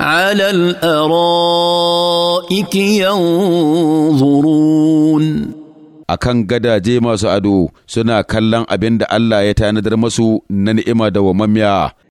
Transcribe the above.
على الارائك ينظرون akan gadaje masu ado suna kallon abin da Allah ya tanadar masu na ni'ima da wamammiya